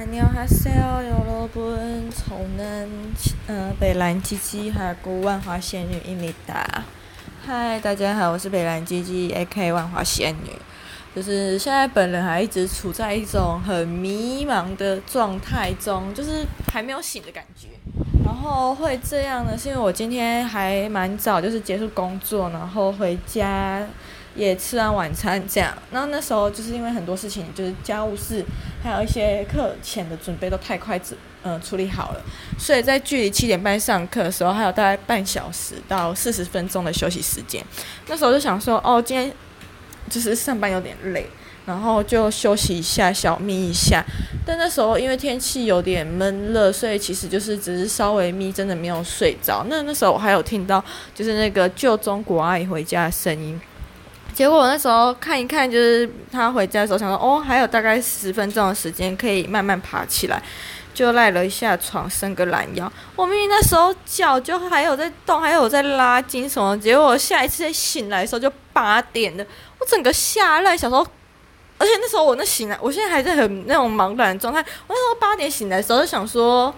菜鳥海小楊老闆，從南嗯北藍 GG，還有萬花仙女一起打。嗨，大家好，我是北藍 GG，AK 萬華仙女。就是現在本人還一直處在一種很迷茫的狀態中，就是還沒有醒的感覺。感覺然後會這樣呢，是因為我今天還蠻早，就是結束工作，然後回家也吃完晚餐，這樣。然後那時候就是因為很多事情，就是家務事。還有一些課前的準備都太快準，呃、嗯，處理好了，所以在距離七點半上課的時候，還有大概半小時到四十分鐘的休息時間。那時候就想說，哦，今天就是上班有點累，然後就休息一下，小眯一下。但那時候因為天氣有點悶熱，所以其實就是只是稍微眯，真的沒有睡着。那那時候我還有聽到就是那個舊中國阿姨回家的聲音。結果我那時候看一看，就是他回家的時候，想說哦，還有大概十分鐘的時間，可以慢慢爬起來，就賴了一下床，伸個懶腰。我明明那時候腳就還有在動，還有在拉筋什麼。結果我下一次再醒來的時候就八點了，我整個嚇賴。想說，而且那時候我那醒來，我現在還在很那種茫然的狀態。我那時候八點醒來的時候，想說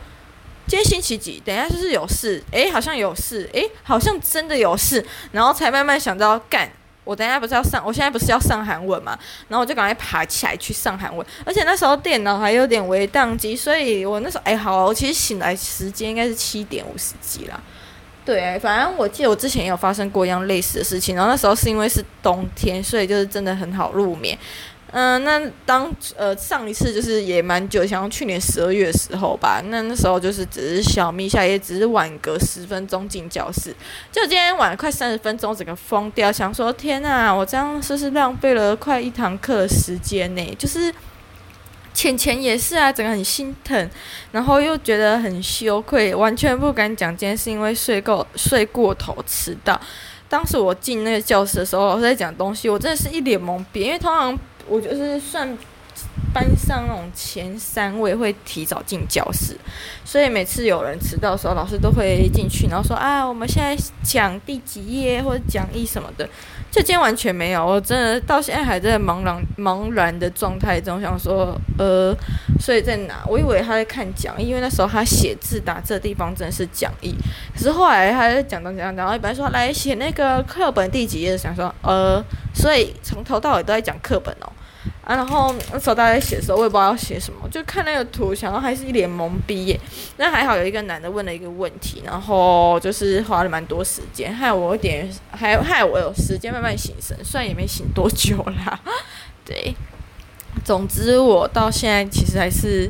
今天星期幾？等一下就是有事，哎，好像有事，哎，好像真的有事，然後才慢慢想到要幹我等一下不是要上，我現在不是要上韓文嘛？然後我就趕快爬起來去上韓文，而且那時候電腦還有點微宕機，所以我那時候哎、欸、好，我其實醒來時間應該是七點五十幾啦，對，反正我記得我之前也有發生過一樣類似的事情，然後那時候是因為是冬天，所以就是真的很好入眠。嗯，那當呃上一次就是也蠻久，好像去年十二月時候吧。那那時候就是只是小眯下，也只是晚個十分鐘進教室。就今天晚快三十分鐘，整個瘋掉，想說天哪、啊，我這樣是不是浪費了快一堂課時間呢、欸？就是淺淺也是啊，整個很心疼，然後又覺得很羞愧，完全不敢講。今天是因為睡夠睡過頭遲到。當時我進那個教室的時候，老師在講東西，我真的是一臉懵逼，因為通常。我就是算班上那種前三位會提早進教室，所以每次有人遲到的時候，老師都會進去，然後說啊，我們現在講第幾頁或者講義什麼的。就今天完全沒有，我真的到現在還在茫然茫然的狀態中，想說呃，所以在哪？我以為他在看講義，因為那時候他寫字打字的地方真的是講義。可是後來他在講東講講，講，然後一般說來寫那個課本的第幾頁，想說呃，所以從頭到尾都在講課本哦。啊，然後那時候大家寫的時候，我也不知道要寫什麼，就看那個圖，想到還是一臉懵逼耶。那還好有一個男的問了一個問題，然後就是花了蠻多時間，害我有點，還害，害我有時間慢慢醒神，雖然也沒醒多久啦。對，總之我到現在其實還是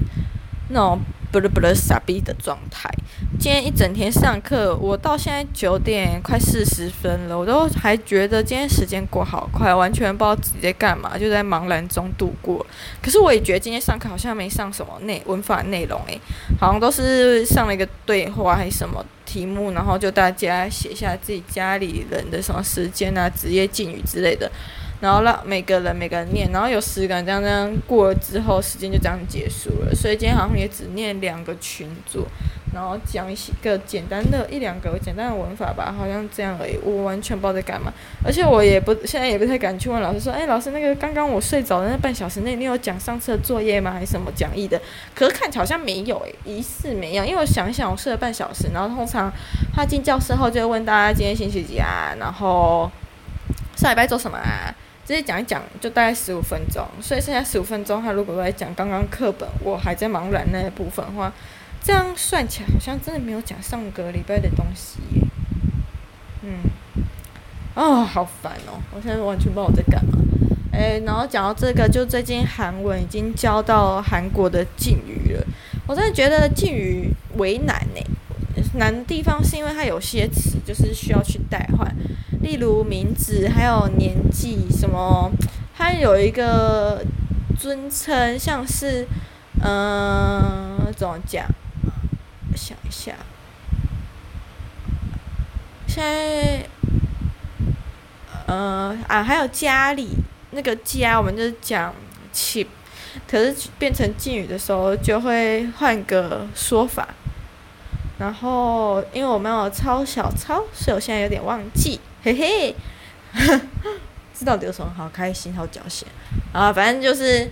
那種。不不，傻逼的狀態。今天一整天上課，我到現在九點快四十分了，我都還覺得今天時間過好快，完全不知道自己在幹嘛，就在茫然中度過。可是我也覺得今天上課好像沒上什麼內文法內容、欸，誒，好像都是上了一個對話還什麼題目，然後就大家寫下自己家裡人的什麼時間啊、職業、境遇之類的。然後讓每個人每個人念，然後有十個人這樣，這樣過了之後，時間就這樣結束了。所以今天好像也只念兩個群組，然後講一個簡單的，一兩個簡單的文法吧，好像這樣而已。我完全不知道在幹嘛，而且我也不現在也不太敢去問老師說，哎，老師那個剛剛我睡着的那半小時內，你有講上次的作業嗎？還是什麼講義的？可是看起來好像沒有哎、欸，疑似沒有，因為我想一想，我睡了半小時，然後通常他進教室後就會問大家今天星期幾啊，然後下禮拜做什麼啊？直接講一講就大概十五分鐘，所以剩下十五分鐘，他如果來講剛剛課本，我還在忙軟那部分話，這樣算起來好像真的沒有講上個禮拜的東西。嗯，哦，好煩哦！我現在完全不知道我在幹嘛。誒，然後講到這個，就最近韓文已經教到韓國的敬語了，我真的覺得敬語為難呢？難的地方是因為它有些詞就是需要去代換。例如名字，還有年紀，什麼？他有一個尊稱，像是，嗯、呃，怎麼講？想一下。現在嗯、呃，啊，還有家裡那個家，我們就講起，可是變成敬語的時候，就會換個說法。然後，因為我沒有抄小抄，所以我現在有點忘記，嘿嘿， 知道有什麼好開心、好狡黠啊？反正就是，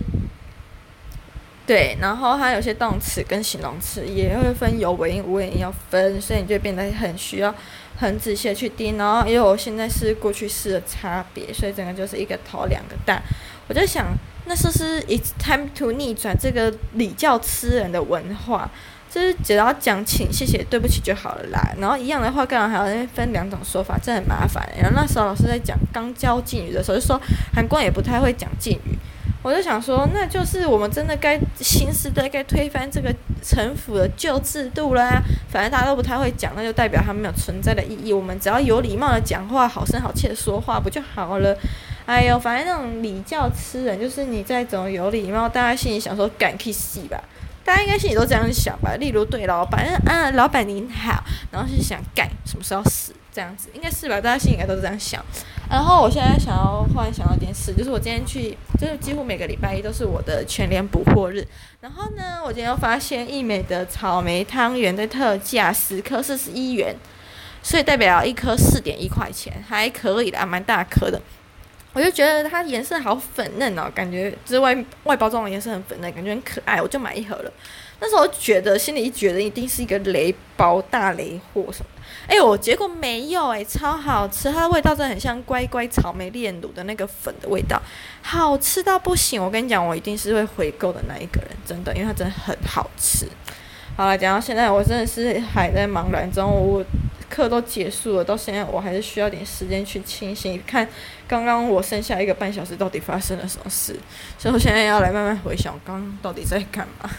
對，然後它有些動詞跟形容詞也會分有尾音、無尾音要分，所以你就變得很需要很仔細的去盯。然後，因為我現在是過去式的差別，所以整個就是一個頭兩個蛋。我就想，那就是不是 it's time to 逆轉這個禮教吃人的文化？就是只要講請、謝謝、對不起就好了啦，然後一樣的話，當然還要分兩種說法，這很麻煩、欸。然後那時候老師在講剛教敬語的時候，就說韓國人也不太會講敬語，我就想說，那就是我們真的該新世代該推翻這個陳腐的舊制度啦。反正大家都不太會講，那就代表他沒有存在的意義。我們只要有禮貌的講話，好聲好氣的說話不就好了？哎呦，反正那種禮教吃人，就是你再怎麼有禮貌，大家心裡想說幹去死吧。大家應該心裡都是這樣想吧，例如對老闆，嗯，啊，老闆您好，然後是想幹什麼時候死這樣子，應該是吧？大家心裡應該都是這樣想。然後我現在想要忽然想到一件事，就是我今天去，就是幾乎每個禮拜一都是我的全聯補貨日。然後呢，我今天又發現義美的草莓湯圓的特價，十顆四十一元，所以代表了一顆四點一塊錢，還可以的，還蠻大顆的。我就覺得它顏色好粉嫩哦、喔，感覺這外外包裝的顏色很粉嫩，感覺很可愛，我就買一盒了。那時候我覺得，心裡覺得一定是一個雷包、大雷貨什麼的。哎呦，結果沒有哎、欸，超好吃！它的味道真的很像乖乖草莓煉乳的那個粉的味道，好吃到不行。我跟你講，我一定是會回購的那一個人，真的，因為它真的很好吃。好了，講到現在，我真的是還在茫然中。我課都結束了，到現在我還是需要點時間去清醒，看剛剛我剩下一個半小時到底發生了什麼事。所以我現在要來慢慢回想，剛到底在幹嘛。